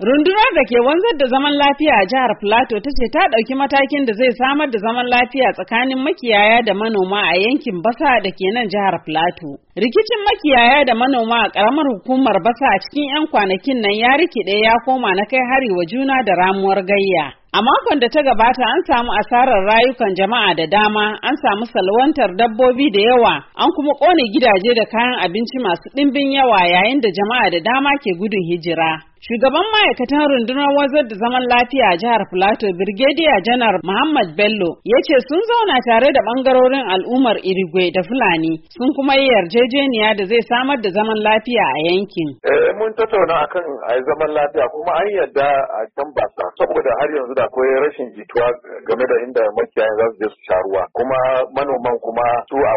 Rundunar da ke wanzar da zaman lafiya a jihar Plateau ta ce ta ɗauki matakin da zai samar da zaman lafiya tsakanin makiyaya da manoma a yankin Basa da ke nan jihar Plateau. Rikicin makiyaya da manoma a ƙaramar hukumar Basa a cikin 'yan kwanakin nan ya rikide ya koma na kai hari wa juna da ramuwar gayya. A makon da ta gabata an samu asarar rayukan jama'a da dama, an samu salwantar dabbobi da yawa, an kuma ƙone gidaje da kayan abinci masu ɗimbin yawa yayin da jama'a da dama ke gudun hijira. Shugaban ma'aikatan rundunar wazar da zaman lafiya a jihar Filato Birgediya Janar Muhammad Bello ya ce sun zauna tare da bangarorin al'ummar Irigwe da Fulani sun kuma yi yarjejeniya da zai samar da zaman lafiya a yankin. Eh mun tattauna a kan zaman lafiya kuma an yarda a can basa saboda har yanzu da akwai rashin jituwa game da inda makiyayan za su je su sharuwa kuma manoman kuma su a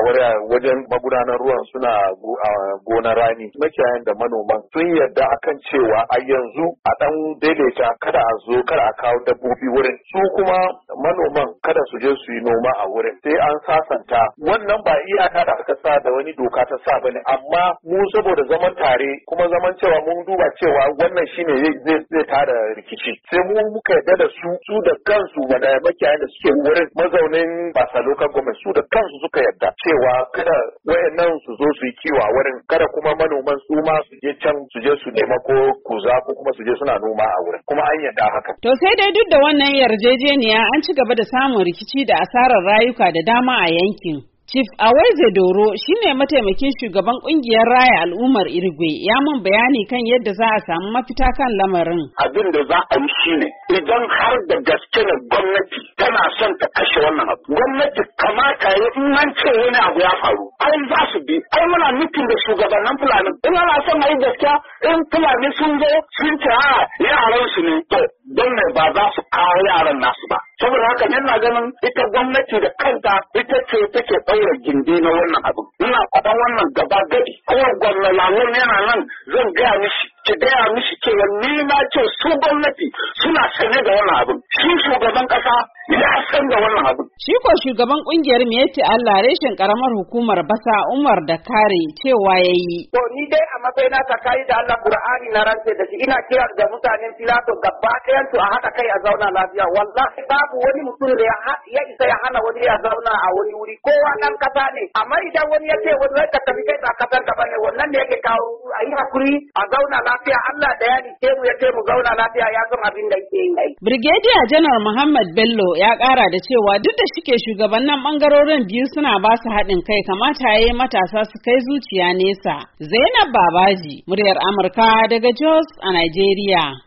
wajen magudanar ruwan suna gona rani makiyayan da manoman sun yarda akan cewa ayyuka yanzu a ɗan daidaita kada a zo kada a kawo dabbobi wurin su kuma manoman kada su je su yi noma a wurin sai an sasanta wannan ba iyaka da aka sa da wani doka ta sa bane amma mu saboda zaman tare kuma zaman cewa mun duba cewa wannan shine zai zai tada rikici sai mu muka yadda da su su da kansu wanda makiyayan da suke wurin mazaunin basa local government su da kansu suka yadda cewa kada wayannan su zo su yi kiwa wurin kada kuma manoman su ma su je can su je su nema ko kuza ko kuma su je suna noma a wurin kuma an yarda haka. To sai dai duk da wannan yarjejeniya an ci gaba da samun rikici da asarar rayuka da dama a yankin. Chief Awaize Doro shine mataimakin shugaban kungiyar raya al'ummar Irgwe, ya mun bayani kan yadda za a samu mafita kan lamarin. Abin da za a yi shine idan har da gaske na gwamnati tana son ta kashe wannan abu. Gwamnati kama yayi in an ce wani abu ya faru ai za su bi ai muna nufin da shugabannin Fulani in ana son a yi gaskiya in Fulani sun zo sun ce a yaran su ne to don ne ba za su kawo yaran nasu ba saboda haka yana ganin ita gwamnati da kanta ita ce take ɗaura gindi na wannan abu ina faɗan wannan gaba gadi ko gwamnati yana nan zan gaya mishi ki gaya mishi cewa ni na ce su gwamnati suna sanye da wannan abin shi shugaban kasa ya san da wannan abin shi ko shugaban kungiyar yace Allah reshen karamar hukumar basa Umar da kare cewa yayi to ni dai a matsayina ta kai da Allah Qur'ani na rantse da shi ina kira da mutanen Filato gaba ɗayan su a haka kai a zauna lafiya wallahi babu wani mutum da ya isa ya hana wani ya zauna a wani wuri kowa nan kasa ne amma idan wani ya ce wani zai ka tafi kai da kasar gaba ne wannan ne yake kawo a yi hakuri a zauna lafiya Allah da ya nike mu ya mu zauna lafiya ya zama abin da yake yi. Brigadier Janar Muhammad Bello ya kara da cewa duk da shike shugabannin bangarorin biyu suna ba su haɗin kai kamata ya yi matasa su kai zuciya nesa. Zainab Babaji, muryar Amurka daga Jos a Najeriya.